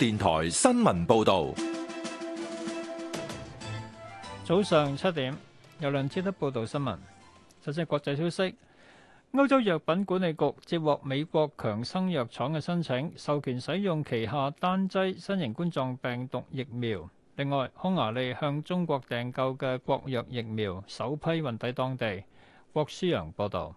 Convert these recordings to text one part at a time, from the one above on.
電台新聞報道，早上七點有梁志德報道新聞。首先，國際消息，歐洲藥品管理局接獲美國強生藥廠嘅申請，授權使用旗下單劑新型冠狀病毒疫苗。另外，匈牙利向中國訂購嘅國藥疫苗首批運抵當地。郭舒陽報道。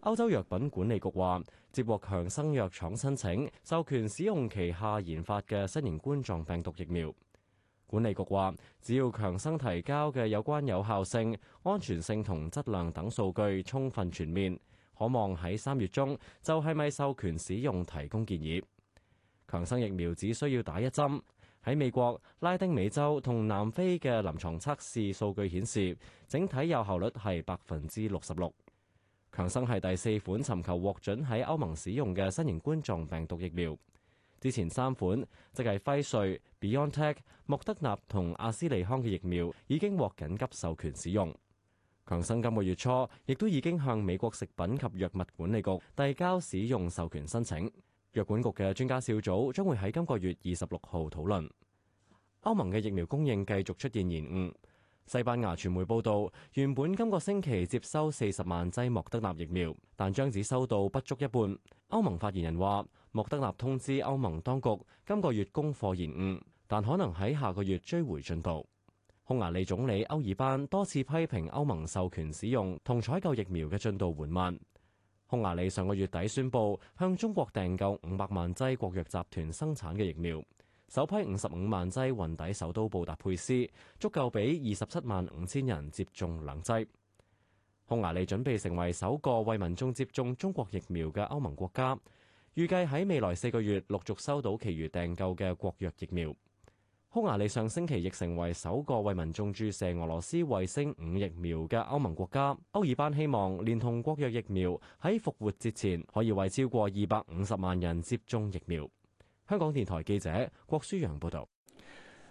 歐洲藥品管理局話。接獲強生藥廠申請授權使用旗下研發嘅新型冠狀病毒疫苗，管理局話只要強生提交嘅有關有效性、安全性同質量等數據充分全面，可望喺三月中就係咪授權使用提供建議。強生疫苗只需要打一針，喺美國、拉丁美洲同南非嘅臨床測試數據顯示，整體有效率係百分之六十六。強生係第四款尋求獲准喺歐盟使用嘅新型冠狀病毒疫苗，之前三款即係輝瑞、BioNTech、莫德納同阿斯利康嘅疫苗已經獲緊急授權使用。強生今個月初亦都已經向美國食品及藥物管理局遞交使用授權申請，藥管局嘅專家小組將會喺今個月二十六號討論。歐盟嘅疫苗供應繼續出現延誤。西班牙傳媒報道，原本今個星期接收四十萬劑莫德納疫苗，但將只收到不足一半。歐盟發言人話，莫德納通知歐盟當局今個月供貨延誤，但可能喺下個月追回進度。匈牙利總理歐爾班多次批評歐盟授權使用同採購疫苗嘅進度緩慢。匈牙利上個月底宣布向中國訂購五百萬劑國藥集團生產嘅疫苗。首批五十五萬劑運抵首都布達佩斯，足夠俾二十七萬五千人接種兩劑。匈牙利準備成為首個為民眾接種中國疫苗嘅歐盟國家，預計喺未來四個月陸續收到其餘訂購嘅國藥疫苗。匈牙利上星期亦成為首個為民眾注射俄羅斯衛星五疫苗嘅歐盟國家。歐爾班希望連同國藥疫苗喺復活節前可以為超過二百五十萬人接種疫苗。香港電台記者郭舒陽報道，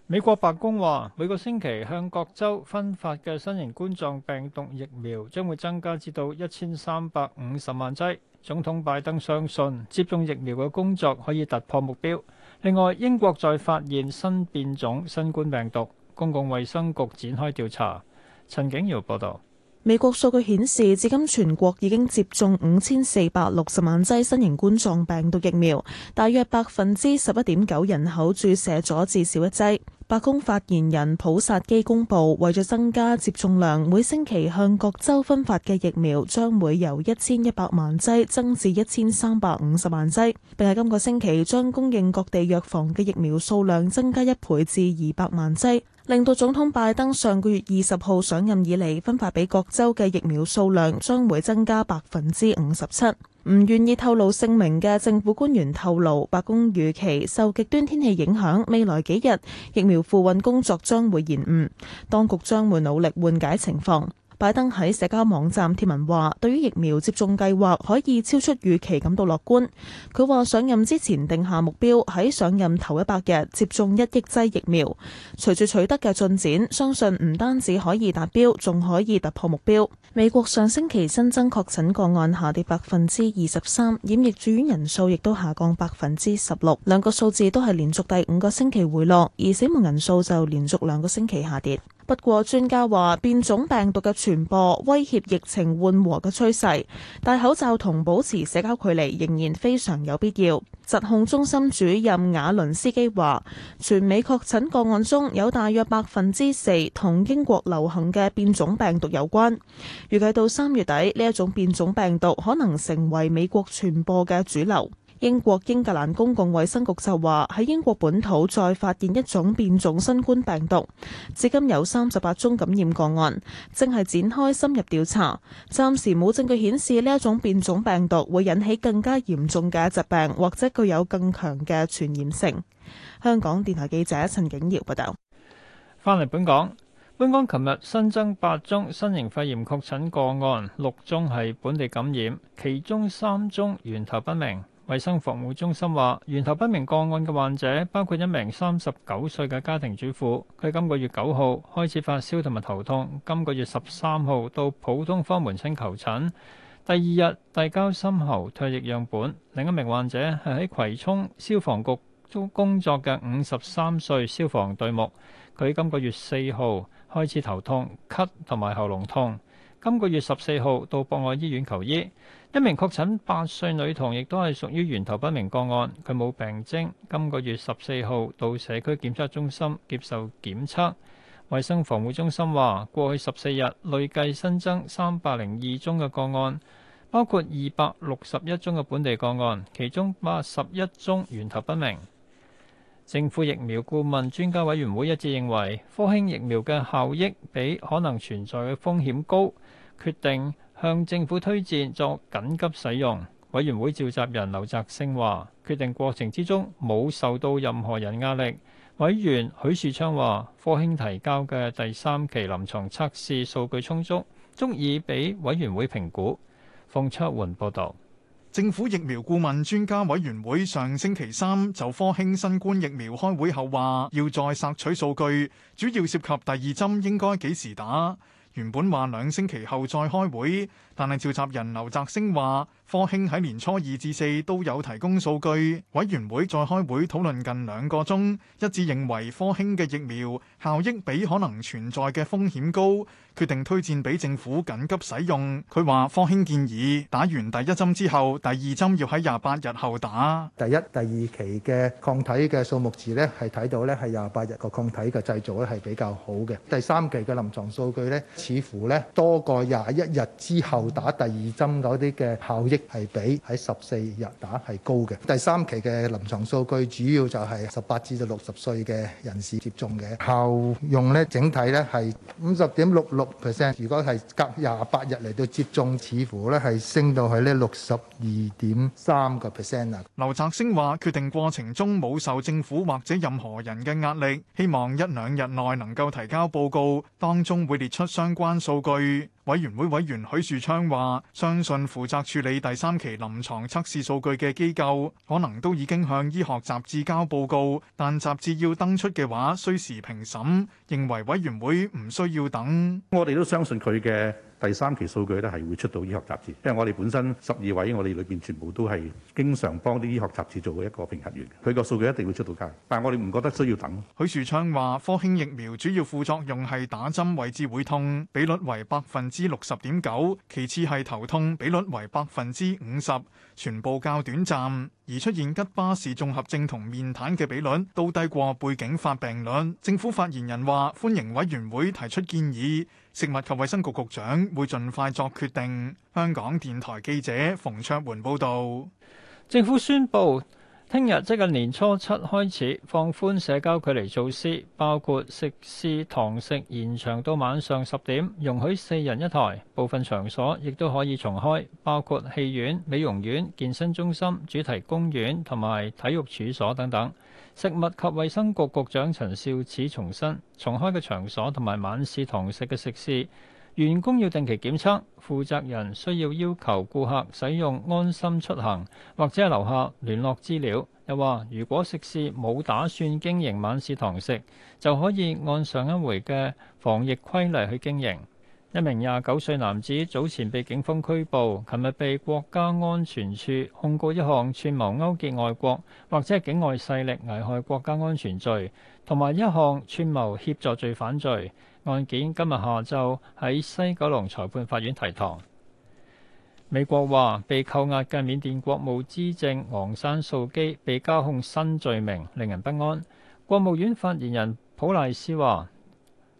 美國白宮話，每個星期向各州分發嘅新型冠狀病毒疫苗將會增加至到一千三百五十萬劑。總統拜登相信接種疫苗嘅工作可以突破目標。另外，英國再發現新變種新冠病毒，公共衛生局展開調查。陳景瑤報道。美國數據顯示，至今全國已經接種五千四百六十萬劑新型冠狀病毒疫苗，大約百分之十一點九人口注射咗至少一劑。白宮發言人普薩基公布，為咗增加接種量，每星期向各州分發嘅疫苗將會由一千一百萬劑增至一千三百五十萬劑，並喺今個星期將供應各地藥房嘅疫苗數量增加一倍至二百萬劑。令到總統拜登上個月二十號上任以嚟，分發俾各州嘅疫苗數量將會增加百分之五十七。唔願意透露姓名嘅政府官員透露，白宮預期受極端天氣影響，未來幾日疫苗付運工作將會延誤，當局將會努力緩解情況。拜登喺社交網站貼文話，對於疫苗接種計劃可以超出預期感到樂觀。佢話上任之前定下目標，喺上任頭一百日接種一億劑疫苗。隨住取得嘅進展，相信唔單止可以達標，仲可以突破目標。美國上星期新增確診個案下跌百分之二十三，染疫住院人數亦都下降百分之十六，兩個數字都係連續第五個星期回落，而死亡人數就連續兩個星期下跌。不過，專家話變種病毒嘅傳播威脅疫情緩和嘅趨勢，戴口罩同保持社交距離仍然非常有必要。疾控中心主任瓦倫斯基話：全美確診個案中有大約百分之四同英國流行嘅變種病毒有關，預計到三月底呢一種變種病毒可能成為美國傳播嘅主流。英國英格蘭公共衛生局就話喺英國本土再發現一種變種新冠病毒，至今有三十八宗感染個案，正係展開深入調查。暫時冇證據顯示呢一種變種病毒會引起更加嚴重嘅疾病，或者具有更強嘅傳染性。香港電台記者陳景瑤報道。翻嚟本港，本港琴日新增八宗新型肺炎確診個案，六宗係本地感染，其中三宗源頭不明。衛生防護中心話，源頭不明個案嘅患者包括一名三十九歲嘅家庭主婦，佢今個月九號開始發燒同埋頭痛，今個月十三號到普通科門診求診，第二日遞交深喉唾液樣本。另一名患者係喺葵涌消防局中工作嘅五十三歲消防隊目，佢今個月四號開始頭痛、咳同埋喉嚨痛。今個月十四號到博愛醫院求醫，一名確診八歲女童，亦都係屬於源頭不明個案。佢冇病徵，今個月十四號到社區檢測中心接受檢測。衛生防護中心話，過去十四日累計新增三百零二宗嘅個案，包括二百六十一宗嘅本地個案，其中八十一宗源頭不明。政府疫苗顧問專家委員會一致認為科興疫苗嘅效益比可能存在嘅風險高，決定向政府推薦作緊急使用。委員會召集人劉澤星話：決定過程之中冇受到任何人壓力。委員許樹昌話：科興提交嘅第三期臨床測試數據充足，足以俾委員會評估。馮卓雲報道。政府疫苗顧問專家委員會上星期三就科興新冠疫苗開會後話，要再索取數據，主要涉及第二針應該幾時打。原本話兩星期後再開會，但係召集人劉澤星話。科興喺年初二至四都有提供數據，委員會再開會討論近兩個鐘，一致認為科興嘅疫苗效益比可能存在嘅風險高，決定推薦俾政府緊急使用。佢話科興建議打完第一針之後，第二針要喺廿八日後打。第一、第二期嘅抗體嘅數目字咧係睇到咧係廿八日個抗體嘅製造咧係比較好嘅。第三期嘅臨床數據咧似乎咧多過廿一日之後打第二針嗰啲嘅效益。係比喺十四日打係高嘅。第三期嘅臨床數據主要就係十八至到六十歲嘅人士接種嘅效用咧，整體咧係五十點六六 percent。如果係隔廿八日嚟到接種，似乎咧係升到去呢六十二點三個 percent 啊。劉澤星話：決定過程中冇受政府或者任何人嘅壓力，希望一兩日內能夠提交報告，當中會列出相關數據。委員會委員許樹昌話，相信負責處理第三期臨床測試數據嘅機構，可能都已經向醫學雜誌交報告，但雜誌要登出嘅話，需時評審，認為委員會唔需要等。我哋都相信佢嘅。第三期數據咧係會出到醫學雜誌，因為我哋本身十二位，我哋裏邊全部都係經常幫啲醫學雜誌做嘅一個評核員，佢個數據一定會出到㗎。但係我哋唔覺得需要等。許樹昌話：科興疫苗主要副作用係打針位置會痛，比率為百分之六十點九；其次係頭痛，比率為百分之五十，全部較短暫。而出現吉巴氏綜合症同面癱嘅比率，都低過背景發病率。政府發言人話：歡迎委員會提出建議，食物及衛生局局長會盡快作決定。香港電台記者馮卓援報導。政府宣布。聽日即係年初七開始放寬社交距離措施，包括食肆堂食延長到晚上十點，容許四人一台，部分場所亦都可以重開，包括戲院、美容院、健身中心、主題公園同埋體育處所等等。食物及衛生局局長陳肇始重申，重開嘅場所同埋晚市堂食嘅食肆，員工要定期檢測，負責人需要要求顧客使用安心出行，或者係留下聯絡資料。又話如果食肆冇打算經營晚市堂食，就可以按上一回嘅防疫規例去經營。一名廿九歲男子早前被警方拘捕，琴日被國家安全處控告一項串謀勾結外國或者係境外勢力危害國家安全罪，同埋一項串謀協助罪犯罪。案件今日下晝喺西九龍裁判法院提堂。美國話被扣押嘅緬甸國務資政昂山素姬被加控新罪名，令人不安。國務院發言人普賴斯話，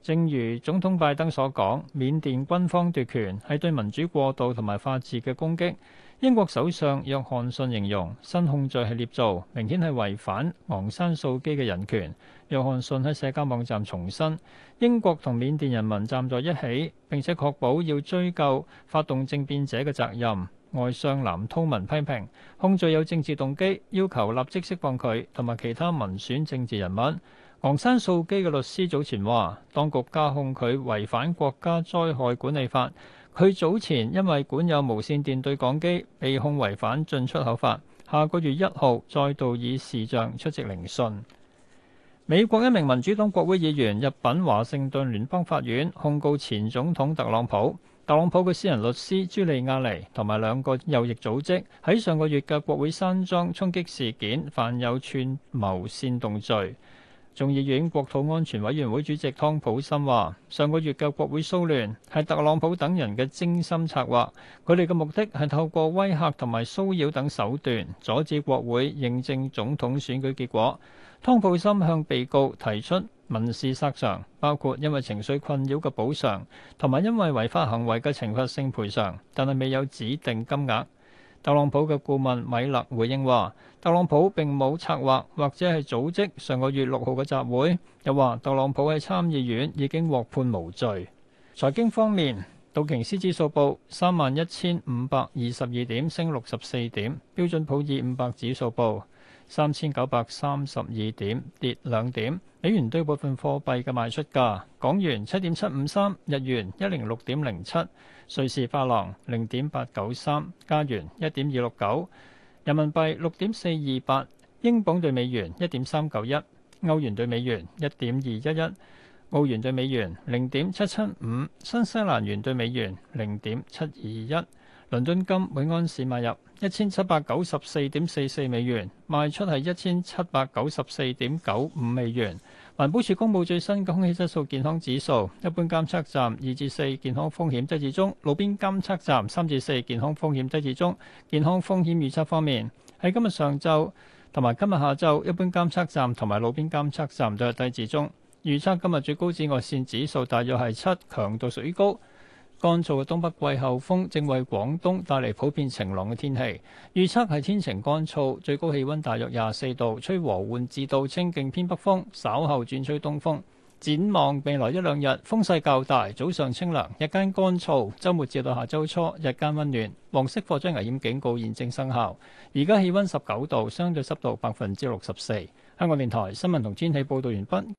正如總統拜登所講，緬甸軍方奪權係對民主過渡同埋法治嘅攻擊。英國首相約翰遜形容新控罪係捏造，明顯係違反昂山素基嘅人權。約翰遜喺社交網站重申，英國同緬甸人民站在一起，並且確保要追究發動政變者嘅責任。外相藍韜文批評控罪有政治動機，要求立即釋放佢同埋其他民選政治人物。昂山素基嘅律師早前話，當局加控佢違反國家災害管理法。佢早前因為管有無線電對講機被控違反進出口法，下個月一號再度以視像出席聆訊。美國一名民主黨國會議員入禀華盛頓聯邦法院控告前總統特朗普、特朗普嘅私人律師朱利亞尼同埋兩個右翼組織喺上個月嘅國會山莊衝擊事件犯有串謀煽動罪。眾議院國土安全委員會主席湯普森話：上個月嘅國會騷亂係特朗普等人嘅精心策劃，佢哋嘅目的係透過威嚇同埋騷擾等手段阻止國會認證總統選舉結果。湯普森向被告提出民事索償，包括因為情緒困擾嘅補償同埋因為違法行為嘅懲罰性賠償，但係未有指定金額。特朗普嘅顧問米勒回應話：特朗普並冇策劃或者係組織上個月六號嘅集會。又話：特朗普喺參議院已經獲判無罪。財經方面，道瓊斯指數報三萬一千五百二十二點，升六十四點；標準普爾五百指數報三千九百三十二點，跌兩點。美元對部分貨幣嘅賣出價：港元七點七五三，日元一零六點零七，瑞士法郎零點八九三，加元一點二六九，人民幣六點四二八，英鎊對美元一點三九一，歐元對美元一點二一一，澳元對美元零點七七五，新西蘭元對美元零點七二一。倫敦金每安士買入一千七百九十四點四四美元，賣出係一千七百九十四點九五美元。環保署公佈最新嘅空氣質素健康指數，一般監測站二至四健康風險低至中，路邊監測站三至四健康風險低至中。健康風險預測方面，喺今日上晝同埋今日下晝，一般監測站同埋路邊監測站都係低至中。預測今日最高紫外線指數大約係七，強度屬於高。乾燥嘅東北季候風正為廣東帶嚟普遍晴朗嘅天氣，預測係天晴乾燥，最高氣溫大約廿四度，吹和緩至到清勁偏北風，稍後轉吹東風。展望未來一兩日風勢較大，早上清涼，日間乾燥，週末至到下週初日間溫暖。黃色火災危險警告現正生效，而家氣溫十九度，相對濕度百分之六十四。香港電台新聞同天氣報道完畢。